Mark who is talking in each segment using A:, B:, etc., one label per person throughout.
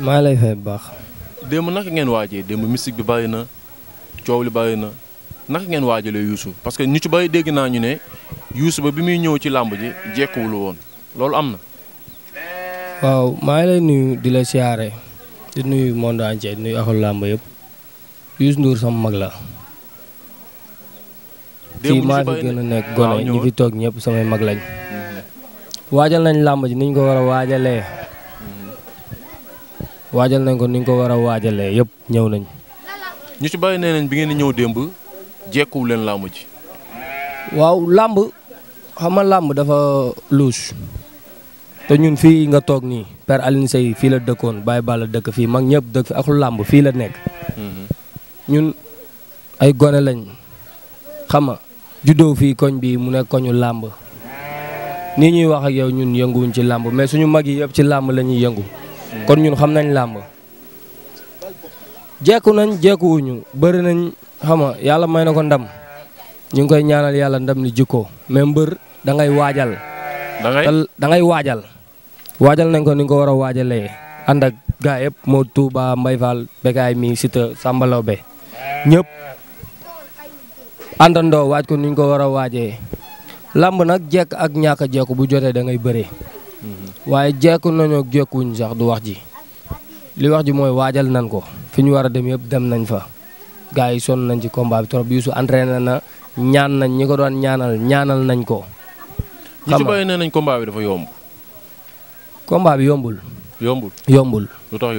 A: maa lay fay bu baax.
B: démb naka ngeen waajee démb mystique bi bàyyi na coow li bàyyi na naka ngeen waajalee Youssou parce que ñu ci bay dégg naa ñu ne Youssou ba bi muy ñëw ci làmb ji jekkuwul woon loolu am na.
A: waaw maa ngi lay nuyu di la siyaare di nuyu monde entier di nuyu axul làmb yëpp Youssou Ndour sama mag la. fii maa fi gën nekk gone ñi fi toog ñëpp samay mag lañ.
C: Mhm.
A: waajal nañ làmb ji niñ ko war a waajalee. waajal nañ ko ni ñu ko war a waajalee yëpp ñëw nañ. ñu ci bàyyi nee bi ngeen ñëw
B: démb jekkuwu leen làmb ji.
A: waaw làmb xam làmb dafa luus te ñun fii nga toog nii Père Alioune Seye fii la dëkkoon Baye Balla dëkk fii mag ñëpp dëkk fi ak làmb fii la nekk. Mhm. ñun ay gone lañ xam nga juddoo fii koñ bi mu nekk koñu làmb nii ñuy wax ak yow ñun yënguwuñ ci làmb mais suñu mag yi yëpp ci làmb la ñuy yëngu. kon ñun xam nañ làmb jekku nañ jekkuwuñu bëri nañ xama yàlla may na ko ndam ñu ngi koy ñaanal yàlla ndam li jikkoo mais mbër da ngay waajal. da waajal. waajal nañ ko ni ko war a waajalee ànd ak gaa yëpp moo Touba Mbaye Fall Bekaay mi Siteu Samba Lawbe ñëpp àndandoo waaj ko ni ko war a waajee. làmb nag jekk ak ñàkk a jekku bu jotee da ngay bëree. waaye jekku nañoo wuñ sax du wax ji li wax ji mooy waajal nañ ko fi ñu war a dem yëpp dem nañ fa gars yi sonn nañ ci combat bi trop Youssou entraîné na ñaan nañ ñi ko doon ñaanal ñaanal nañ ko. xam nga
B: nee nañ combat bi dafa yomb.
A: combat bi yombul. yombul yombul. lu tax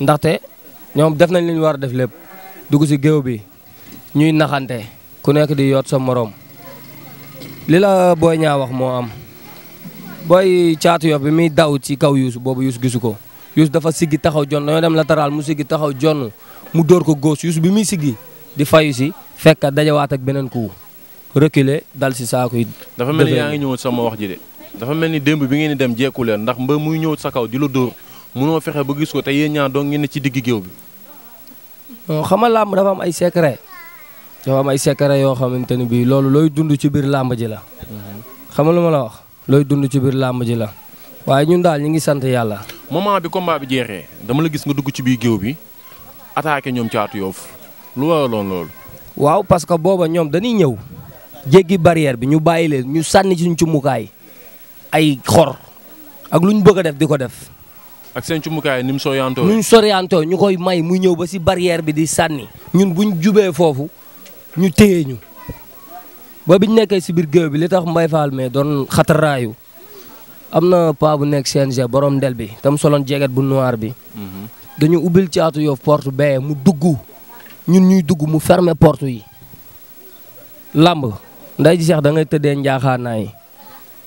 A: ndaxte ñoom def nañ li war a def lépp dugg ci géew bi ñuy naxante ku nekk di yoot sa moroom li la Boy Niang wax moo am. booy caatu yof bi muy daw ci kaw yuusu boobu yuusu gisu ko yuusu dafa siggi taxaw jonn dañoo dem latéral mu siggi taxaw jonn mu dóor ko góos yuusu bi muy siggi di fayu si fekk dajawaat ak beneen ku reculer dal si saako yi. dafa mel ni yaa ngi
B: ñëw sama wax ji de dafa ni démb bi ngeen di dem jekku leen ndax mba muy ñëw sa kaw di la dóor munoo fexe ba gis ko te yéen ñaan doo ngeen ci digg géew bi.
A: xam nga làmb dafa am ay secret dafa am ay secret yoo xamante ni bii loolu looy dund ci biir làmb ji la. Mhm. xam nga lu ma la wax. looy dund ci biir làmb ji la waaye ñun daal ñu ngi sant yàlla.
B: moment bi combat bi jeexee dama la gis nga dugg ci biir géew bi attaqué ñoom caatu yoof lu waraloon
A: loolu. waaw parce que booba ñoom dañuy ñëw jéggi barrière bi ñu bàyyi leen ñu sànni suñ cumukaay ay xor ak lu ñu bëgg a def di ko def. ak seen
B: cumukaay ni mu soriantoo. ni mu
A: soriantoo ñu koy may mu ñëw ba si barrière bi di sànni. ñun buñ jubee foofu ñu téye ñu. ba biñ nekkee si biir géew bi li tax Mbaye Fall mais doon xataraayu am na paa bu nekk CNG borom ndel bi tam soloon jeget bu noir bi. Mhm. dañu ubbil caatu yow porte bee mu dugg ñun ñuy dugg mu fermer port yi. Lamb nday ji Cheikh dangay ngay tëddee njaaxaanaay yi.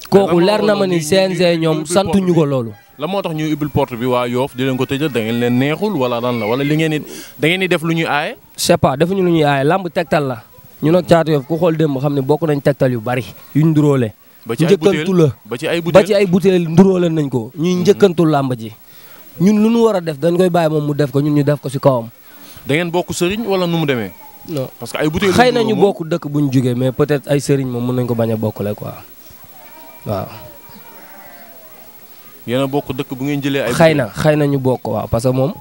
A: kooku leer na ma ni CNG ñoom santu ñu ko loolu.
B: la moo tax ñuy ubbil porte bi waa Yoff di leen ko tëjal da ngeen leen neexul wala lan la wala li ngeen di di def lu ñuy aaye.
A: c'est defu ñu lu ñuy aaye lamb tegtal la. ñu nag Caatu Yoff ku xool démb xam ne bokk nañ tegtal yu bari yuñ nduróole njëkkantu la ba ci ay butéel ba ci ay butéel nduróole nañ ko ñuy mhm. njëkkantu làmb ji ñun lu ñu war a def dañ koy bàyyi moom mu def ko ñun ñu def ko si kawam
B: da ngeen bokk sëriñ wala nu mu demee parce que ay butéel xëy na bokk
A: dëkk bu jógee mais peut-être ay sëriñ moom mën nañ ko bañ a bokkale quoi waaw
B: yéen bokk dëkk bu ngeen jëlee ay na xëy
A: na ñu bokk waaw parce que moom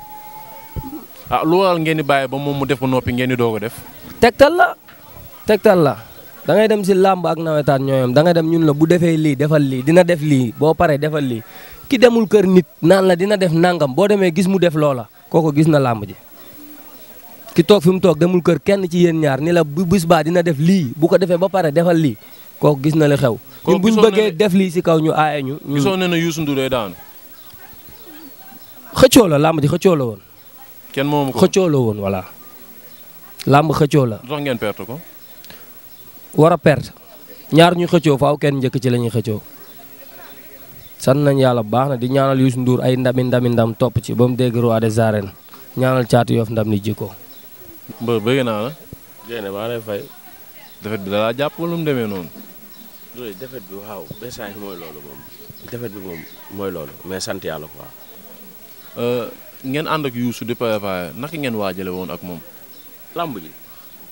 B: ah lu waral ngeen di bàyyi ba moom mu def noppi ngeen di doog a def
A: tegtal la tegtal la dangay dem si làmb ak nawetaan ñooyam da ngay dem ñun la bu defee lii defal lii dina def lii boo paree defal lii ki demul kër nit naan la dina def nangam boo demee gis mu def loola kooku gis na làmb ji. ki toog fi mu toog demul kër kenn ci yéen ñaar ni la bu bis baa dina def lii bu ko defee ba pare defal lii kooku gis na li xew. ñun bu ñu bëggee def lii si kaw ñu aaye ñu. gisoo ne ne Youssou Ndour day daanu. xëccoo la làmb ji xëccoo la woon. kenn moomu ko woon voilà. làmb xëccoo la.
B: dox ko.
A: war a perte ñaar ñuy xëccoo faaw kenn njëkk ci la ñuy xëccoo sant nañ yàlla bu baax na di ñaanal Youssou Ndour ay ndami ndami ndam topp ci ba mu dégg roi des arènes ñaanal caatu yoof ndam ni jikko.
B: mbër bëgg naa la. defet bi dalaa laa jàpp wala mu demee noonu. defet bi
D: waaw message mooy loolu moom bi moom mooy loolu mais sant yàlla quoi.
B: Euh, ngeen ànd ak Youssou di préparé naka ngeen waajale woon ak moom.
D: làmb ji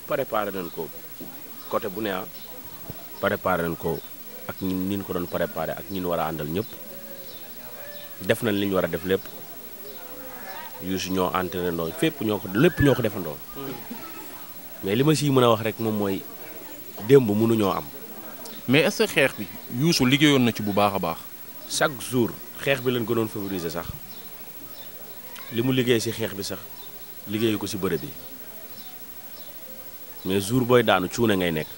D: préparé nañ ko. côté bu ne ah
B: préparé nañ ko
D: ak ñun ñu ko doon préparé ak ñun war a àndal ñëpp def nañ li ñu war a def lépp yuusu ñoo entraîné ndoo fépp ñoo ko lépp ñoo ko defandoo mais li ma siy mën a wax rek moom mooy démb mënuñoo am. mais est que xeex bi yuusu liggéeyoon na ci bu baax a baax. chaque jour xeex bi lañ ko doon favoriser sax li mu liggéey si xeex bi sax liggéeyu ko si bërëb yi mais jour booy daanu cuune ngay nekk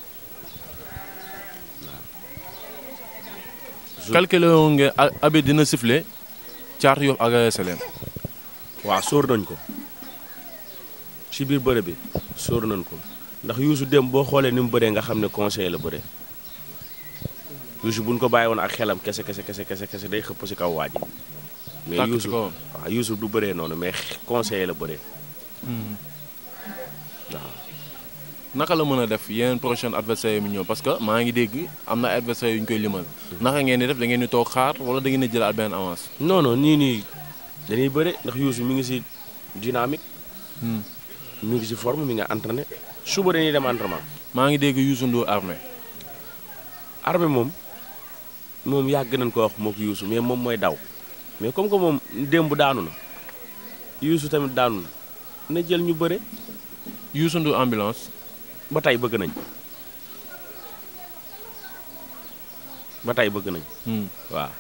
B: waaw. calculé woon nga Habib dina siffler caatu Yoff ak AS Lène. waaw sóor nañ ko ci biir bëre bi sóor nañ
D: ko ndax Youssou dem boo xoolee ni mu bëree nga xam ne conseil la bëree Youssou buñ ko bàyyi woon ak xelam kese kese kese kese kese day xëpp ci kaw waa ji mais Youssou waaw
B: Youssou du bëree noonu mais conseil la bëree hmm. naka la mën a def yeneen prochaine adversaire yi ñëw parce que maa ngi dégg am na adversaire yu ñu koy limal naka ngeen di def da ngeen di toog xaar wala da ngeen di jëlaat benn avance. non non nii nii dañuy
D: bëre ndax Youssou mu ngi si dynamique. mu hmm. ngi si forme mi nga entraîné suba dañuy dem entraînement. maa ngi dégg Youssou Ndour armée. armée moom moom yàgg nañ ko wax moog Youssou mais moom mooy daw mais comme que moom démb daanu na Youssou tamit daanu na na jël ñu bëre. Youssou Ndour ambulance. ba tey bëgg nañ
B: ba tey bëgg nañ. Hmm. waaw.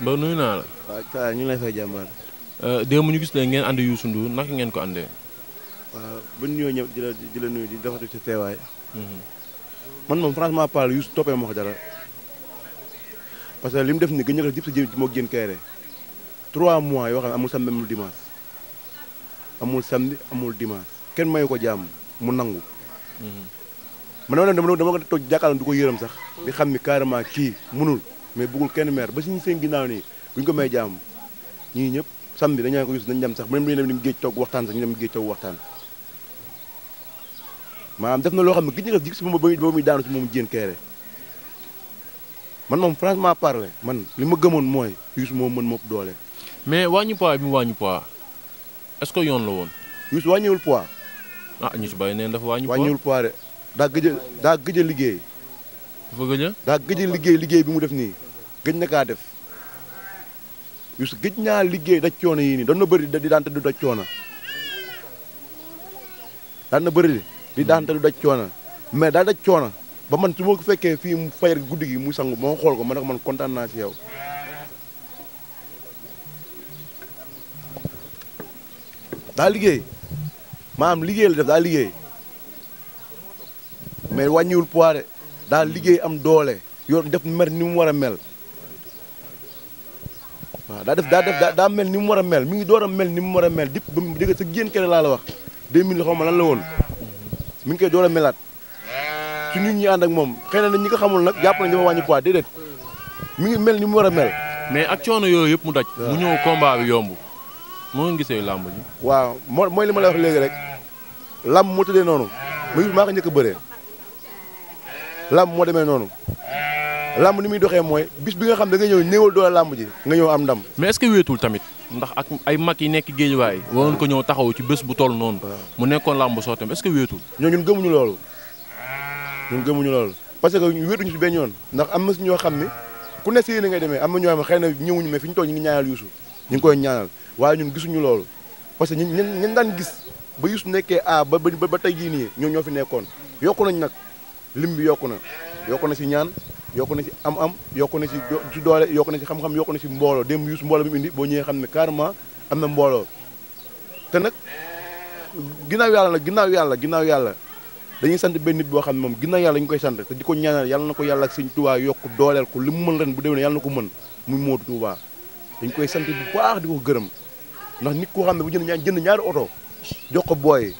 B: Mbaye nuyu naa la.
E: waaw Ka ñu lay fay jàmbaar.
B: Euh, démb ñu gis leen ngeen ànd Youssou Ndour naka ngeen ko àndee.
E: waaw bu ñu ñëwee ñëpp di la di la nuyu di defatu ci teewaay. Hmm. man moom franchement parle Youssou toppee moo ko dara. parce que li mu def ni gën a ko jëm si jëm moo gën kayre. trois mois yoo xam ne amul samedi amul dimanche. amul samedi amul dimanche kenn mayu ko jàmm mu nangu.
D: man
E: dama dama dama ko toog jàkkaarloo du ko yërëm sax di xam ni carrément kii munul mais bëggul kenn meer ba suñu seen ginnaaw nii bu ñu ko may jaam ñii ñëpp samedi dañaa ko yus nañ dem sax bu dem dem géej toog waxtaan sax ñu dem géej toog waxtaan maanaam def na loo xam ne gis nga gis nga ba muy daanu si moom jéen keere man moom franchement parlé man li ma gëmoon mooy Youssou moom mën mopp doole.
B: mais wàññi poids bi mu wàññi poids est-ce que yoon la woon. Youssou wàññiwul poids. ah ñu ci bàyyi
E: neen dafa wàññi. wàññiwul poids de daa gëj a gëj a liggéey. dafa gëj a. liggéey liggéey bi mu def nii gëj na kaa def juste gëj naa liggéey daj coono yii nii doon na bëri di daan du daj coono daan na bëri di daan te du daj coono mais daal da coono ba man su ma ko fekkee fii mu fayar guddi gi mu sangu moo xool ko ma nag man kontaan si yow. daa liggéey. maanaam liggéey la def daa liggéey mais wàññiwul poids de daa liggéey am doole yor def mer ni mu war a mel waaw daa def daa daa mel ni mu war a mel mi ngi door a mel ni mu war a mel dip ba mu dégg sa génn kere laa la wax 2000 xaw ma lan la woon mi ngi koy door a melaat ci nit ñi ànd moom xëy na ñi ko xamul nag jàpp nañ dafa wàññi poids déedéet mi ngi mel ni mu war a mel.
B: mais ak yooyu yëpp mu daj. mu ñëw combat bi yomb. moo ngi gisee
E: làmb ji. waaw mooy li ma la wax léegi rek. lamb moo tëddee noonu muy maa ko njëkk a bëree lamb moo demee noonu lamb ni muy doxee mooy bis bi nga xam da nga ñëw néewal doole lamb ji nga ñëw am ndam. mais est-ce que wéetul tamit ndax
B: ak ay mag yi nekk géejuwaay waroon ko ñëw taxaw ci bés bu toll noonu. mu nekkoon lamb soo tamit est que wéetul.
E: ñoo ñun gëmuñu loolu ñun gëmuñu loolu parce que wéetuñu si benn yoon ndax am na si ñoo xam ne ku ne si yéen ngay demee am na ñoo am ne xëy na ñëwuñu mais fi ñu toll ñu ngi ñaanal Youssou ñu ngi koy ñaanal waaye ñun gisuñu loolu parce que ñun daan gis ba Youssou nekkee A ba ba tey jii nii ñoom ñoo fi nekkoon yokku nañ nag lim bi yokku na yokk na si ñaan yokk na si am-am yokku na si doole yokk na si xam-xam yokku na si mbooloo démb Youssou mbooloo bi mu indi boo ñëwee xam ne carrément am na mbooloo te nag ginnaaw yaala nag ginnaaw yàlla ginnaaw yàlla dañuy sant benn nit boo xam ne moom ginnaaw yàlla ñu koy sant te di ko ñaanal yàlla na ko yàlla ak Sëñ Tuubaa yokk dooleel ko li mu mën ren bu déwénee yàlla na ko mën muy Modou Touba dañ koy sant bu baax di ko gërëm ndax nit koo xam ne bu jënd ñaan jënd ñaari oto jox ko booy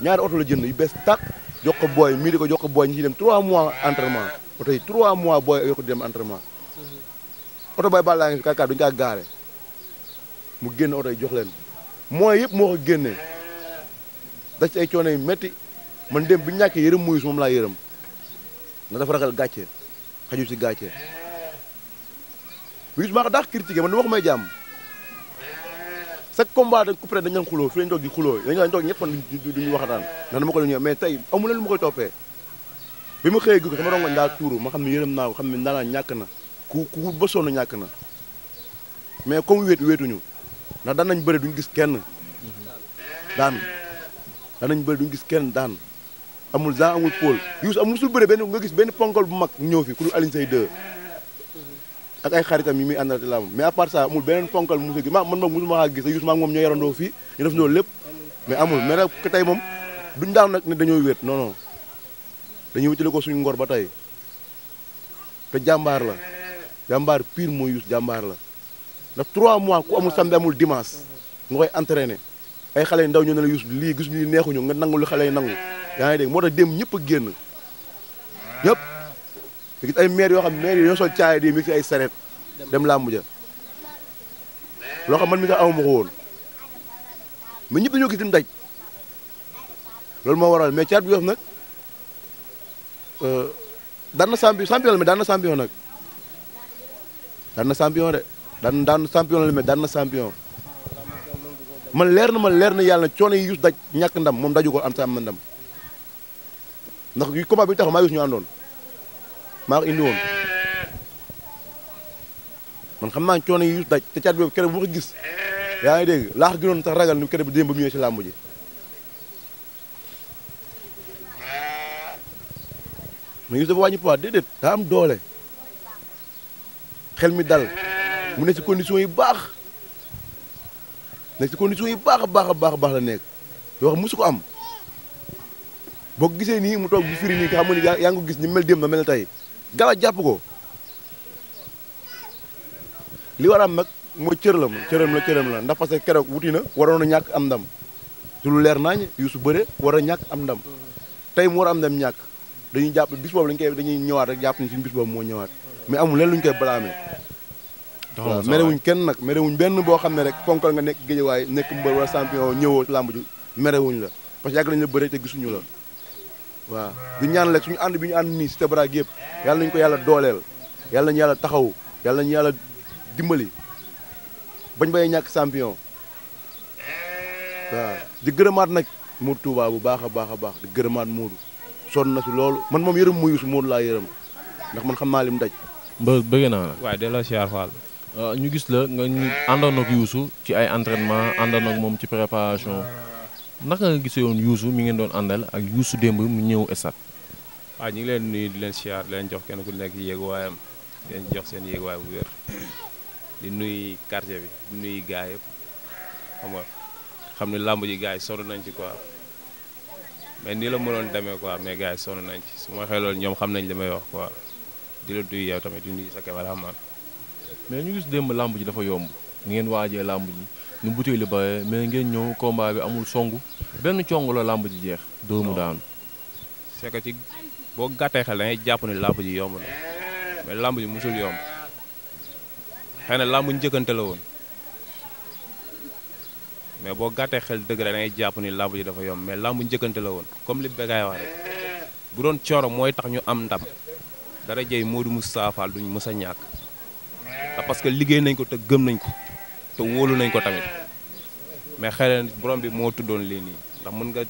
E: ñaar oto la jënd yu bees tàq jox ko booy mii di ko jox ko booy ñu ciy dem 3 mois entrement oto yi 3 mois booy yokk di dem entraînement oto bay bàllaa ngi kàkkaar duñu kaa gaare mu génn oto yi jox leen mooy yëpp moo ko génnee da ci ay coono yu métti man dem bi ñàkkee yërëm muyus moom laa yërëm na dafa ragal gàcce xaju si gàcce muyus ma ko daax critiqué man du ma ko may jàmm chaque combat dañ coupé dañ leen xuloo fi lañ toog di xuloo dañ leen toog ñëpp duñu waxtaan ndax dama ko doon ñëw mais tey amu leen lu ma koy toppee bi mu xëyee gug sama rongoñ daa tuuru ma xam ne yërëm naa ko xam ne ndaanaa ñàkk na ku ku ba sonn ñàkk na mais comme wéetu wéetuñu ndax daan nañ bëri duñu gis kenn daan daan nañ bëri duñu gis kenn daan amul Jean amul Paul Youssou am musul bëri benn nga gis benn ponkol bu mag ñëw fi ku dul Alioune Seye 2 ak ay xaritam yi muy àndal di làmb mais à part ça amul beneen ponkal musu gi ma man moom musuma xaa gis a yus maa moom ñoo yarandoo fii ñu def loolu lépp mais amul mais nag tey moom duñ daan nag ne dañoo wéet non non dañuy wutale ko suñu ngor ba tey te jàmbaar la jàmbaar pire mooy yus jàmbaar la ndax trois mois ku amul samedi amul dimanche nga koy entraîné ay xale ndaw ñu ne la yus lii gis lii neexuñu nga nangu lu xale yi nangu yaa ngi dégg moo tax dem ñëpp a génn ñëpp te ay maire yoo xam maire yi ñoo sol caaya ay sareet dem làmb ja man mi sax awma moo waral mais bi Yoff nag euh, daan na champion champion la mais nag daan na champion de daan daan champion la leer na ma leer na yàlla na coono yi yus daj ñàkk ndam moom daju ko am sa am na ndam ndax combat bi taxaw maa yus ñu maa ko indi man xam naa ne coono yu daj te caat boobu keroog bu ko gis yaa ngi dégg laax gi sax tax ragal ni keroog démb ba mu ñëwee si làmb ji mais gis dafa wàññi poids déedéet daa am doole xel mi dal mu ne si condition yu baax nekk si condition yu baax a baax a baax a baax la nekk yoo xam mosu ko am boo ko gisee nii mu toog bi firi nii nga xam ne yaa ngi gis ni mel démb na mel na tey gala jàpp ko li war a am nag mooy cërlam cërëm la cërëm la ndax parce que keroog wuti na waroon a ñàkk am ndam te lu leer naañ Youssou Baldé war a ñàkk am ndam tey mu war a am ndam ñàkk dañuy jàpp bis boobu lañ koy dañuy ñëwaat rek jàpp ni suñu bis moo ñëwaat mais amul leen lu ñu koy balaamee
C: waaw merewuñ
E: kenn nag merewuñ benn boo xam ne rek fonkal nga nekk géejawaay nekk mbër wala champion ñëwoo làmb ju merewuñ la parce que yàgg lañ la bëre te gisuñu la waaw di ñaan rek suñu ànd bi ñu ànd nii Cité Braque yëpp yàlla nañu ko yàlla dooleel yàlla nañu yàlla taxaw yàlla ñu yàlla dimbali bañ ba ñàkk champion waaw di gërëmaat nag mu Touba bu baax a baax a baax di gërëmaat Mour sonn na si loolu man moom yërëm muyus Mour laa yërëm ndax man xam naa lim daj.
B: mbë bëgg naa la. delloo si Fall. Ah, ñu gis la nga ñu àndoon ak Youssou ci ay entraînement àndoon moom ci préparation. naka nga gisee woon Youssou mi ngeen doon àndal ak Youssou démb mu ñëw esat
F: waa ah, ñu ngi leen nuyu di leen siyaar di leen jox kenn ku nekk yéeguwaayam di leen jox seen yéeguwaay bu wér di nuyu quartier bi di nuyu gars yëpp xam ne làmb ji gars yi sonn nañ ci quoi mais nii la mënoon demee quoi mais gars yi sonn nañ ci su ma waxee loolu ñoom xam nañ li may wax quoi di la duy yow tamit di nuyu sa cameraman mais ñu gis démb làmb ji dafa yomb. ni ngeen waajee làmb ji
B: nu butéel li bëree mais ngeen ñëw combat bi amul songu benn cong la làmb ji jeex. doomu daanu.
F: c'est que ci boo gàttee xel da jàpp ne làmb ji yomb mais làmb ji musul yomb xëy na làmb njëkkante la woon mais boo gàttee xel dëgg la jàpp ni làmb ji dafa yomb mais làmb njëkkante la woon comme li Bécaye wax rek bu doon cooro mooy tax ñu am ndam dara jëy mu Moustapha duñ mës a ñàkk te parce que liggéey nañ ko te gëm nañ ko. te wóolu nañ ko tamit mais xëy boroom bi moo tuddoon lii nii ndax mën nga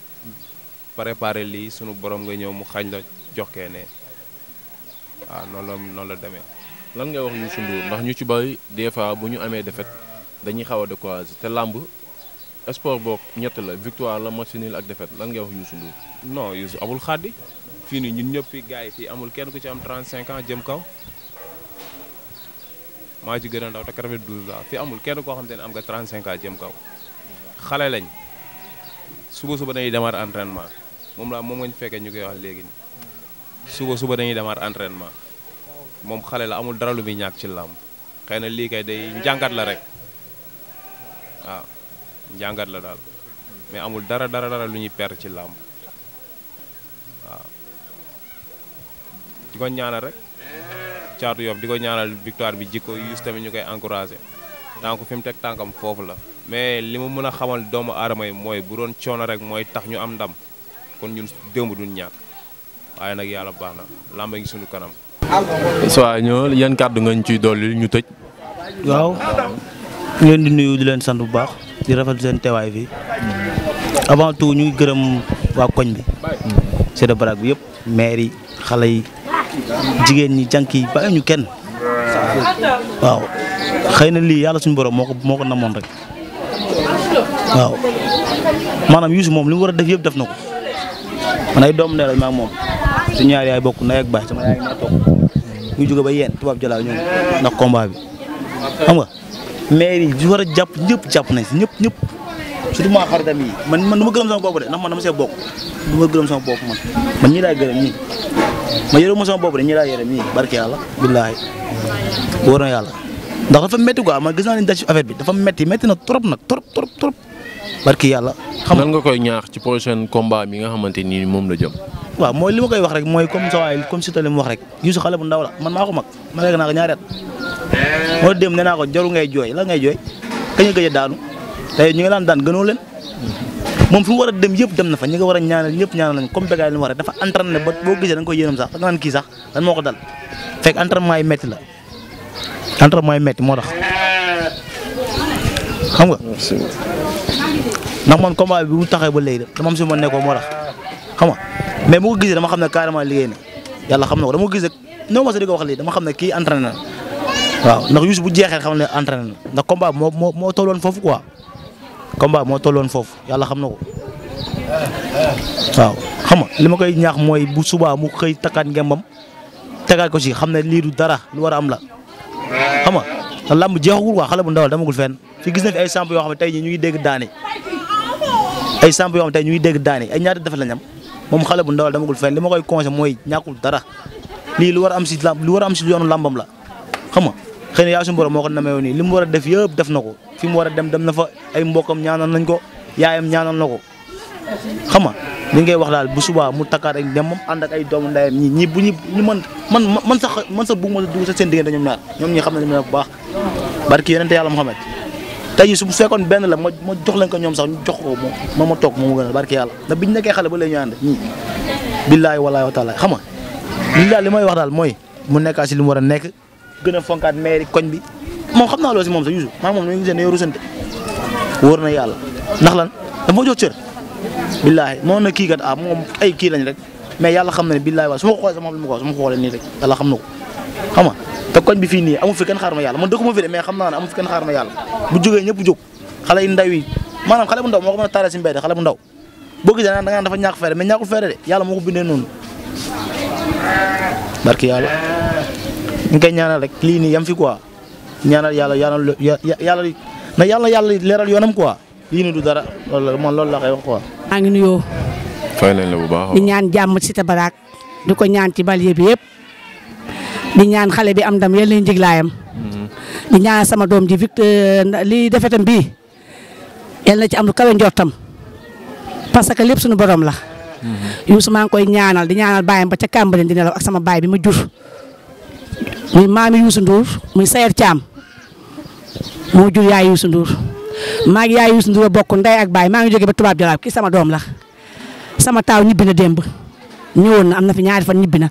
F: préparer lii sunu borom nga ñëw mu xaañ la joxkee ne waaw noonu la noonu la demee. lan ngay wax Youssou Ndour ndax ñu ci bari des fois bu ñu amee défaite dañuy xaw a découragé te làmb sport boog ñett la victoire la match ak défaite lan ngay wax Youssou Ndour. non Youssou amul xaddi fii nii ñun ñëpp fii gars yi fii amul kenn ku ci am 35 ans jëm kaw. maa ci gën a ndaw te 92 laa fi amul kenn koo xam te ne am nga 35 a jëm kaw xale lañ suba suba dañuy demaat entraînement moom laa moom nga ñu fekkee ñu koy wax léegi suba suba dañuy demaat entraînement moom xale la amul dara lu muy ñàkk ci làmb xëy na lii kay day njàngat la rek waaw njàngat la daal mais amul dara dara dara lu ñuy perte ci làmb waaw di ko ñaanal rek. caatu Yoff di ko ñaanal victoire bi jikko yus tamit ñu koy encouragé donc fi mu teg tànkam foofu la mais li mu mën a xamal doomu aadama yi mooy bu doon coono rek mooy tax ñu am ndam kon ñu démb duñ ñàkk waaye nag yàlla baax na làmba ngi suñu kanam.
B: waaw ñoo
G: yan kàddu nga ñu ciy dolli ñu tëj. waaw ñu leen di nuyu di leen sant bu baax di rafetlu seen teewaay fii avant tout ñu gërëm waa koñ bi. c'est de baraag bi yëpp maire yi xale yi. jigéen ñi jànk yi bàyyi ñu kenn waaw xëy na lii yàlla suñu borom moo ko moo ko namoon rek waaw maanaam Youssou moom li mu war a def yëpp def na ko man ay doomu ndey lañ moom su ñaar bokk ndey ak baay sama yaay ma ñu jóge ba yeen tubaab jalaaw ñoom ndax combat bi xam nga maire yi war a jàpp ñëpp jàpp nañ si ñëpp ñëpp surtout xaritam yi man man ma gërëm sama bopp de ndax man bokk ma gërëm sama man ñii laay gërëm ñii ma yërëm ma sama bopp de ñi laa yërëm ñii barke yàlla billaahi wóor na yàlla ndax dafa métti quoi man gis naa ne daj ci affaire bi dafa métti métti na trop nag trop trop trop barke yàlla.
B: xam nga koy ñaax ci prochain combat mi nga xamante ni moom
G: la jëm. waaw mooy li ma koy wax rek mooy comme saa waay comme si tali mu wax rek Youssou xale bu ndaw la man maa ko ma nekk naa ko ñaari at moo dem nee naa ko jaru ngay jooy la ngay jooy kañ nga gëj a daanu tey ñu ngi daan moom fi mu a dem yëpp dem na fa ñi nga war a ñaanal ñëpp ñaanal nañ comme bégaay li mu war a dafa entraîné ba boo gisee da koy yéenam sax da nga kii sax lan ko dal fekk entraînement yi la entraînement yi métti moo xam nga man combat bi bu taxee ba léegi dama am si ma nekkoo moo tax xam nga mais bu gisee dama xam ne carrément liggéey na yàlla xam na ko dama ko gisee non ma dama xam ne kii entraîné na waaw ndax Youssou bu jeexee xam ne entraîné na ndax combat moo moo tolloon foofu quoi combat moo tolloon foofu yàlla xam na ko waaw xam nga li ma koy ñaax mooy bu subaa mu xëy takkaat ngembam tegaat ko si xam ne lii du dara lu war a am la xam na làmb jeexagul quoi xale bu ndawal demagul fenn fi gis na fi ay samp yoo xam ne tey ñu ngi dégg daane ay samp yoo xam ne ñu ngi dégg daane ay ñaata def la ñam moom xale bu ndawal kul fenn li ma koy conseillé mooy ñàkkul dara lii lu war a am si làmb lu war a am ci yoonu làmbam la xam nga xëy na yaa moo ko nameewoon nii li mu war a def yëpp def na ko fi mu war a dem dem na fa ay mbokkam ñaanal nañ ko yaayam ñaanal na ko xam nga li ngay wax daal bu subaa mu takkaat ak dem moom ànd ay doom ndayam ñi ñii bu ñu ñu man man man sax man sax bëgguma dugg sax seen diggante ñoom ñaar ñoom ñi xam nañ ne bu baax barki yonente yàlla Muhammad tey jii su fekkoon benn la ma ma jox leen ko ñoom sax ñu jox ko ma ma toog moo ma a barki yàlla ndax biñ nekkee xale ba léegi ñu ànd ñii billaahi walaahi wa taala xam nga li daal li may wax daal mooy mu nekkaa si li war a nekk gën a fonkaat maire koñ bi moom xam naa loolu si moom sax Youssou maa moom dañuy gisee dañoo rusante wóor na yàlla ndax lan dafa jox cër billaahi moo na kii kat ah moom ay kii lañ rek mais yàlla xam na ne billaahi wala su ma ko xoolee sama lu ma ko su ma ko xoolee nii rek yàlla xam na ko xam nga te koñ bi fii nii amu fi kenn xaar ma yàlla man dëkkuma fi de mais xam naa ne amu fi kenn xaar ma yàlla bu jógee ñëpp jóg xale yu ndaw yi maanaam xale bu ndaw moo ko mën a taaree si mbedd xale bu ndaw boo gisee da nga dafa ñàkk feere mais ñàkkul feere de yàlla moo ko bindee noonu barki yàlla ñu koy ñaanal rek lii nii yam fi quoi ñaanal yàlla yàlla yàlla na yàlla yàlla leeral yoonam quoi lii nii loolu man loolu la koy wax
C: di ñaan jàmm ci Cité Baraak di ko ñaan ci bal bi yëpp di ñaan xale bi am dam yéen lay njiglaayam di ñaan sama doom ji li defetam bii yal na ci am lu kawe njortam parce que lépp suñu borom la. Mhm. Youssou maa ngi koy ñaanal di ñaanal baayam ba ca Cambérène di nelaw ak sama baay bi ma jur. muy maami Youssou Ndour muy Sayer Thiam moo jur yaay Youssou Ndour maa ngi yaay Youssou Ndour a bokk ndey ak baay maa ngi jóge ba tubaab jalaab kii sama doom la sama taaw ñibbi na démb ñëwoon na am na fi ñaari fan ñibbi na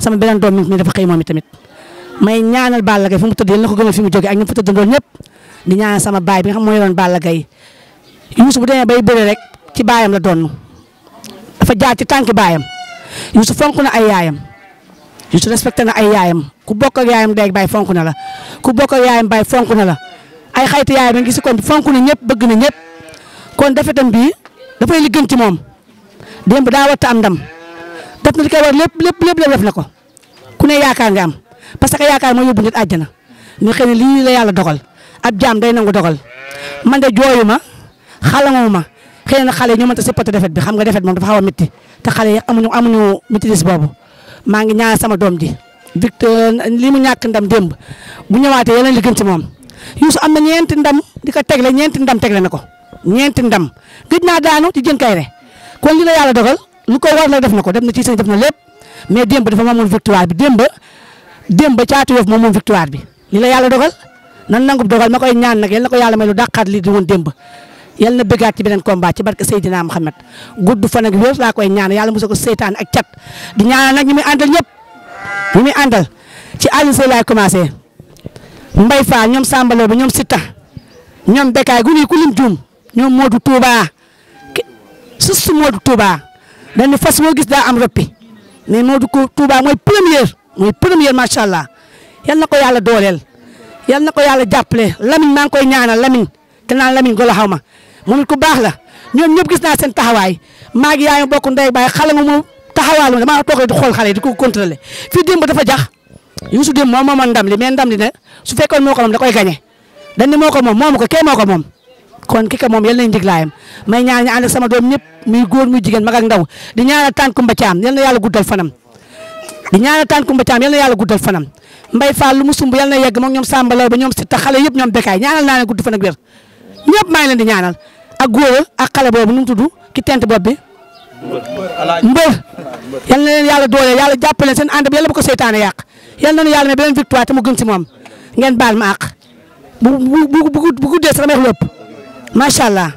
C: sama beneen doom mi dafa xëy moom itamit may ñaanal Balla Gaye fu mu tëdd yal na ko fi mu jóge ak ñi fa tëddandoon ñëpp di ñaanal sama baay bi nga xam mooy yoroon Balla Gaye Youssou bu demee bay bëre rek ci baayam la doon dafa jaar ci tànki baayam Youssou fonk na ay yaayam. juste respecté na ay yaayam ku bokk ak yaayam day bay fonk na la ku bokk ak yaayam bay na la ay xaytu yaayam ngi si kon fonk na ñëpp bëgg na ñëpp kon defetam bi dafay li gën ci moom démb daa war am ndam def na li koy lépp lépp lépp def na ko ku ne yaakaar nga am parce que yaakaar moo yóbbu nit àjjana ñu xëy na lii la yàlla dogal ab jaam day nangu dogal man de jooyu ma xalangu ma xëy na xale yi ñoo mënta supporté defet bi xam nga defet moom dafa xaw a métti te xale yi amuñu amuñu maîtrise boobu. maa ngi ñaanal sama doom ji Victor li mu ñàkk ndam démb bu ñëwaatee yeneen li gën ci moom Youssou am na ñeenti ndam di ko tegle ñeenti ndam tegle na ko ñeenti ndam gëj naa daanu ci jën kay re kon li la yàlla dogal lu ko war la def na ko def na ci seen def na lépp mais démb dafa moomoon victoire bi démb démb caatu Yoff moomoon victoire bi li la yàlla dogal nan nangu dogal ma koy ñaan nag yal na ko yàlla may lu dàqaat li di woon démb yal na bëggaat ci beneen combat ci barke Seydina Mohamed gudd fan ak wér laa koy ñaan yàlla mos ko seytaan ak cat di ñaanal nag ñu muy àndal ñëpp ñu ci Alioune Seye laay commencé Mbaye Fall ñoom Samba Lo bi ñoom Sitta ñoom Bekkaay gu ñuy ku lim juum ñoom Modou Touba su su Modou Touba dañ ne fas moo gis daa am roppi mais Modou Touba mooy première mooy première macha allah yal ko yàlla dooleel yal na ko yàlla jàppale Lamine maa ngi koy ñaanal Lamine. te naan Lamine Golo xaw ma moom it ku baax la ñoom ñëpp gis naa seen taxawaay maa ngi yaayam bokk ndey baay xale nga mu taxawaalu damaa toog di xool xale yi di ko contrôler fii démb dafa jax Youssou démb moom moomoon ndam li mais ndam li moo ko moom da koy gagné dañ moo ko moom moo ko moom kon ki ko moom yal nañu diglaayam may ñaan ñu ànd doom ñëpp muy góor muy jigéen mag ndaw di ba ñoom Sitta xale yëpp ñoom Bekaay ñaanal naa ne ñëpp maa ngi leen di ñaanal ak góor ak xale boobu nu mu tudd ki tent bopp bi. mbër yal na leen yàlla doole yàlla jàppale seen ànd bi yàlla bu ko seytaane yàq yal na nu yàlla may beneen victoire mu gën moom ngeen baal ma àq bu bu bu bu guddee sax meex lépp macha allah.